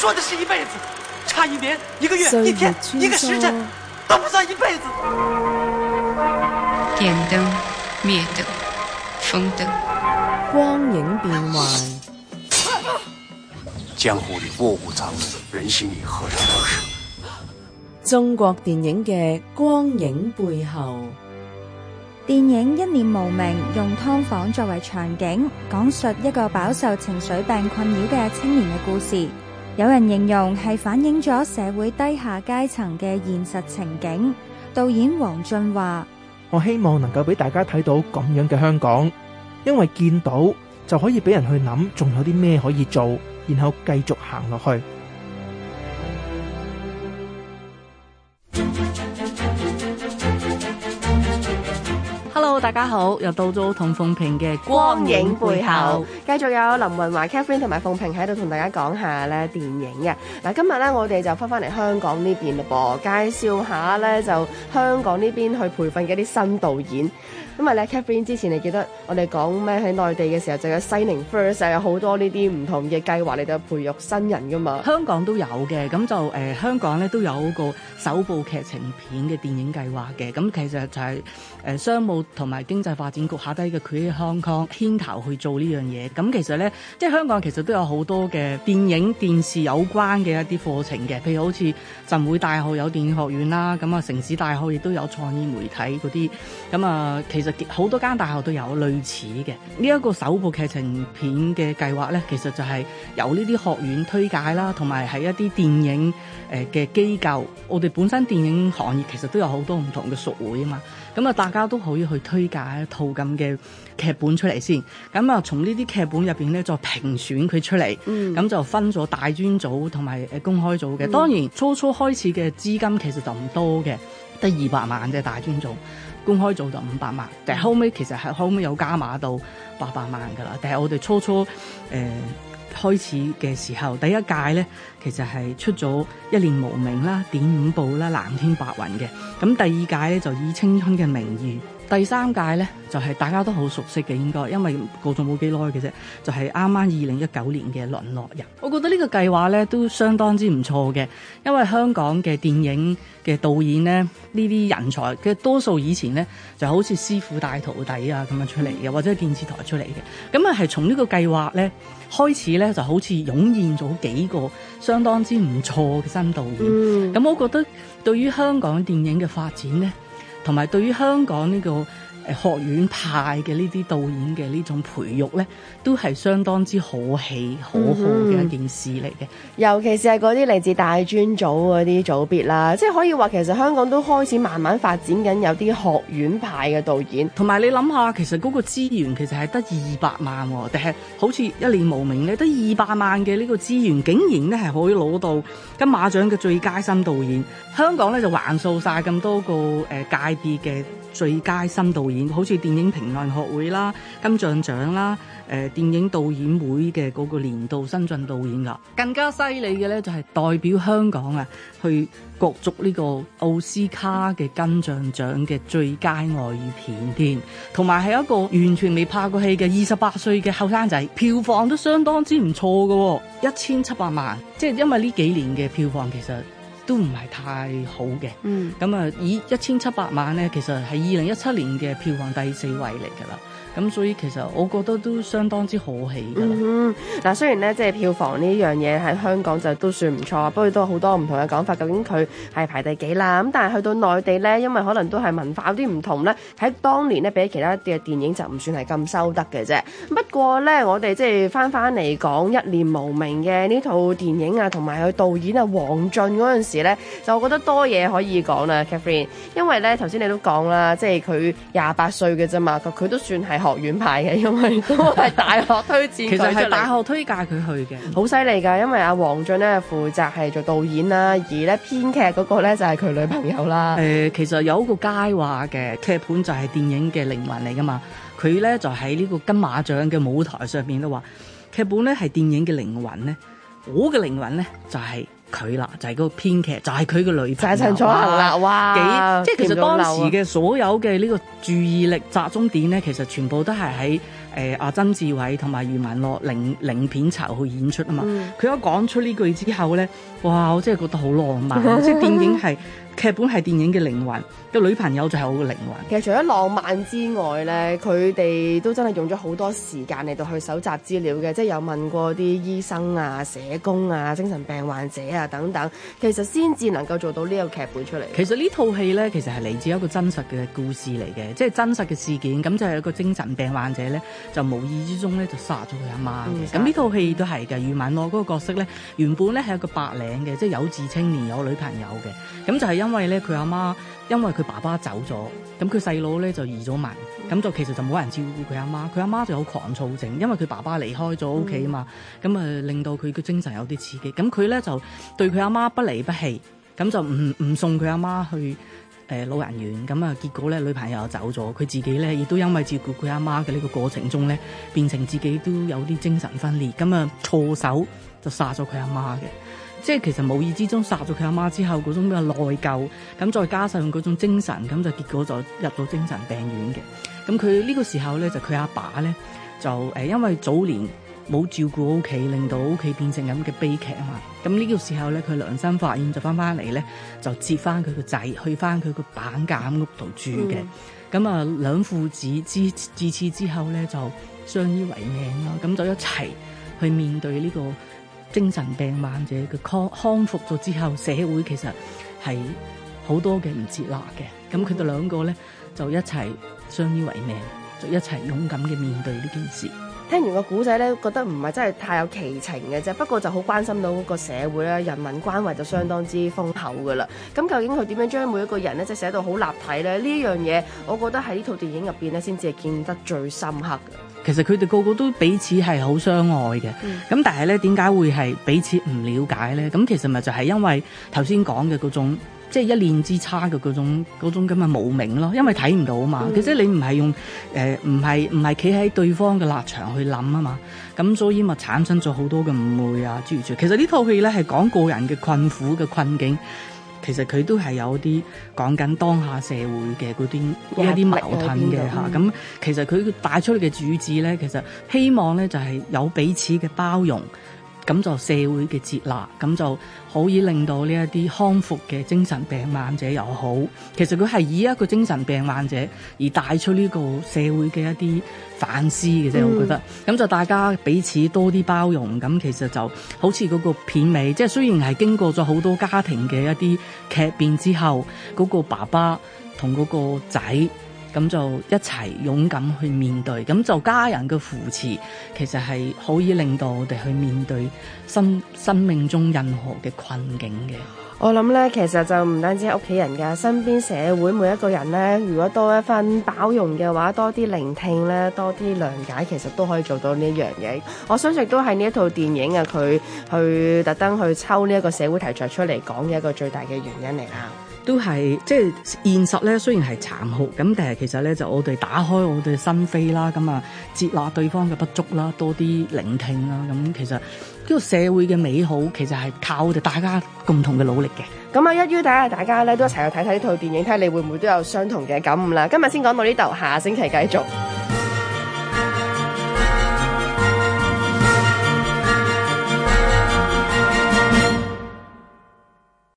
說的是一輩子，差一年、一個月、一天、一個時辰，都不算一輩子。點燈，滅燈，風燈，光影變幻。 江湖裏臥虎藏龍，人心裏何嘗不是。中國電影嘅光影背後，電影《一念無明》用劏房作為場景，講述一個飽受情緒病困擾嘅青年嘅故事。有人形容係反映咗社會低下階層嘅現實情景。導演黃進話：「我希望能夠俾大家睇到咁樣嘅香港，因為見到就可以俾人去諗，仲有啲咩可以做，然後繼續行落去。大家好，又到咗同鳳萍嘅光影背後，繼續有林雲華、Katherine 同埋鳳萍喺度同大家講下咧電影嘅嗱，今日咧我哋就翻翻嚟香港呢邊嘞噃，介紹下咧就香港呢邊去培訓嘅一啲新導演。今日咧 Katherine 之前你記得我哋講咩喺內地嘅時候就是 First, 有西寧 First，又有好多呢啲唔同嘅計劃嚟到培育新人噶嘛？香港都有嘅，咁就誒、呃、香港咧都有個首部劇情片嘅電影計劃嘅，咁其實就係、是、誒、呃、商務同。同埋經濟發展局下低嘅 Create Hong Kong 牽頭去做呢樣嘢，咁其實咧，即係香港其實都有好多嘅電影電視有關嘅一啲課程嘅，譬如好似浸會大學有電影學院啦，咁啊城市大學亦都有創意媒體啲，咁啊其實好多間大學都有類似嘅。呢一個首部劇情片嘅計劃咧，其實就係由呢啲學院推介啦，同埋係一啲電影誒嘅機構，我哋本身電影行業其實都有好多唔同嘅熟會啊嘛，咁啊大家都可以去推。推介一套咁嘅劇本出嚟先，咁啊從呢啲劇本入邊咧再評選佢出嚟，咁、嗯、就分咗大專組同埋誒公開組嘅。當然、嗯、初初開始嘅資金其實就唔多嘅，得二百萬嘅大專組，公開組就五百萬，嗯、但係後尾其實係後尾有加碼到八百萬噶啦。但係我哋初初誒、呃、開始嘅時候，第一屆咧其實係出咗一念無明啦、點五步啦、藍天白雲嘅，咁第二屆咧就以青春嘅名義第三屆呢，就係、是、大家都好熟悉嘅，應該，因為過咗冇幾耐嘅啫，就係啱啱二零一九年嘅淪落人。我覺得呢個計劃呢，都相當之唔錯嘅，因為香港嘅電影嘅導演呢，呢啲人才佢多數以前呢，就好似師傅帶徒弟啊咁樣出嚟嘅，或者電視台出嚟嘅。咁啊係從呢個計劃呢，開始呢，就好似湧現咗幾個相當之唔錯嘅新導演。咁、嗯、我覺得對於香港電影嘅發展呢，同埋對於香港呢個。學院派嘅呢啲導演嘅呢種培育咧，都係相當之可喜，嗯、可好嘅一件事嚟嘅。尤其是係啲嚟自大專組嗰啲組別啦，即係可以話其實香港都開始慢慢發展緊有啲學院派嘅導演。同埋你諗下，其實嗰個資源其實係得二百萬，哦，定係好似一念無明咧？得二百萬嘅呢個資源，竟然咧係可以攞到金馬獎嘅最佳新導演。香港咧就橫掃晒咁多個誒、呃、界別嘅最佳新導演。好似電影評論學會啦、金像獎啦、誒、呃、電影導演會嘅嗰個年度新晉導演噶，更加犀利嘅咧就係代表香港啊去角逐呢個奧斯卡嘅金像獎嘅最佳外語片添，同埋係一個完全未拍過戲嘅二十八歲嘅後生仔，票房都相當之唔錯噶，一千七百萬，即、就、係、是、因為呢幾年嘅票房其實。都唔係太好嘅，嗯，咁啊以一千七百萬咧，其實係二零一七年嘅票房第四位嚟㗎啦。咁所以其實我覺得都相當之可喜㗎啦。嗯，嗱，雖然咧即係票房呢樣嘢喺香港就都算唔錯，也有很不過都好多唔同嘅講法。究竟佢係排第幾啦？咁但係去到內地咧，因為可能都係文化有啲唔同咧，喺當年咧比起其他一啲嘅電影就唔算係咁收得嘅啫。不過咧，我哋即係翻翻嚟講一念無明嘅呢套電影啊，同埋佢導演啊黃進嗰陣時。咧就我覺得多嘢可以講啦，Catherine，因為咧頭先你都講啦，即係佢廿八歲嘅啫嘛，佢佢都算係學院派嘅，因為都係大學推薦， 其實係大學推介佢去嘅，好犀利噶，因為阿黃進呢負責係做導演啦，而咧編劇嗰個咧就係、是、佢女朋友啦。誒、呃，其實有一個佳話嘅劇本就係電影嘅靈魂嚟噶嘛，佢咧就喺呢個金馬獎嘅舞台上邊都話，劇本咧係電影嘅靈魂咧，我嘅靈魂咧就係、是。佢啦，就係、是、嗰個編劇，就係佢嘅女朋友。友。陳楚行啦，哇！幾，幾，幾，幾即係其實當時嘅所有嘅呢個注意力集中點咧，其實全部都係喺誒阿曾志偉同埋余文樂零零片酬去演出啊嘛。佢一講出呢句之後咧，哇！我真係覺得好浪漫， 即係電影係。劇本係電影嘅靈魂，個女朋友就係我嘅靈魂。其實除咗浪漫之外咧，佢哋都真係用咗好多時間嚟到去搜集資料嘅，即係有問過啲醫生啊、社工啊、精神病患者啊等等。其實先至能夠做到呢個劇本出嚟。其實呢套戲咧，其實係嚟自一個真實嘅故事嚟嘅，即係真實嘅事件。咁就係一個精神病患者咧，就無意之中咧就殺咗佢阿媽嘅。咁呢套戲都係嘅。余文樂嗰個角色咧，原本咧係一個白領嘅，即係有志青年、有女朋友嘅。咁就係因因為咧佢阿媽，因為佢爸爸走咗，咁佢細佬咧就移咗民，咁就其實就冇人照顧佢阿媽。佢阿媽就有狂躁症，因為佢爸爸離開咗屋企啊嘛，咁、嗯、啊令到佢嘅精神有啲刺激。咁佢咧就對佢阿媽不離不棄，咁就唔唔送佢阿媽去誒、呃、老人院。咁啊結果咧女朋友就走咗，佢自己咧亦都因為照顧佢阿媽嘅呢個過程中咧，變成自己都有啲精神分裂，咁啊錯手就殺咗佢阿媽嘅。即係其實無意之中殺咗佢阿媽之後，嗰種咩內疚，咁再加上嗰種精神，咁就結果就入到精神病院嘅。咁佢呢個時候咧，就佢阿爸咧就誒，因為早年冇照顧屋企，令到屋企變成咁嘅悲劇啊嘛。咁呢個時候咧，佢良心發現，就翻翻嚟咧，就接翻佢個仔，去翻佢個板間屋度住嘅。咁、嗯、啊，兩父子之自此之後咧，就相依為命啦。咁就一齊去面對呢、這個。精神病患者嘅康康復咗之後，社會其實係好多嘅唔接納嘅。咁佢哋兩個咧就一齊相依為命，就一齊勇敢嘅面對呢件事。聽完個古仔咧，覺得唔係真係太有奇情嘅啫。不過就好關心到個社會啦，人文關懷就相當之豐厚噶啦。咁究竟佢點樣將每一個人咧，即係寫到好立體咧？呢樣嘢，我覺得喺呢套電影入邊咧，先至係見得最深刻嘅。其實佢哋個個都彼此係好相愛嘅，咁、嗯、但係咧點解會係彼此唔了解咧？咁其實咪就係因為頭先講嘅嗰種，即係一念之差嘅嗰種嗰種咁嘅無明咯，因為睇唔到啊嘛、嗯。其實你唔係用誒唔係唔係企喺對方嘅立場去諗啊嘛，咁所以咪產生咗好多嘅誤會啊之類。其實呢套戲咧係講個人嘅困苦嘅困境。其實佢都係有啲講緊當下社會嘅嗰啲一啲矛盾嘅嚇，咁其實佢帶出嚟嘅主旨咧，其實希望咧就係有彼此嘅包容。咁就社會嘅接納，咁就可以令到呢一啲康復嘅精神病患者又好。其實佢係以一個精神病患者而帶出呢個社會嘅一啲反思嘅啫。嗯。我覺得，咁就大家彼此多啲包容，咁其實就好似嗰個片尾，即係雖然係經過咗好多家庭嘅一啲劇變之後，嗰個爸爸同嗰個仔。咁就一齊勇敢去面對，咁就家人嘅扶持，其實係可以令到我哋去面對生生命中任何嘅困境嘅。我諗咧，其實就唔單止係屋企人嘅，身邊社會每一個人咧，如果多一分包容嘅話，多啲聆聽咧，多啲諒解，其實都可以做到呢一樣嘢。我相信都係呢一套電影啊，佢去特登去抽呢一個社會題材出嚟講嘅一個最大嘅原因嚟啦。都係即係現實咧，雖然係殘酷咁，但係其實咧，就我哋打開我哋嘅心扉啦，咁啊，接納對方嘅不足啦，多啲聆聽啦，咁其實呢個社會嘅美好其實係靠我哋大家共同嘅努力嘅。咁啊，一於帶下大家咧都一齊去睇睇呢套電影，睇下你會唔會都有相同嘅感悟啦。今日先講到呢度，下星期繼續。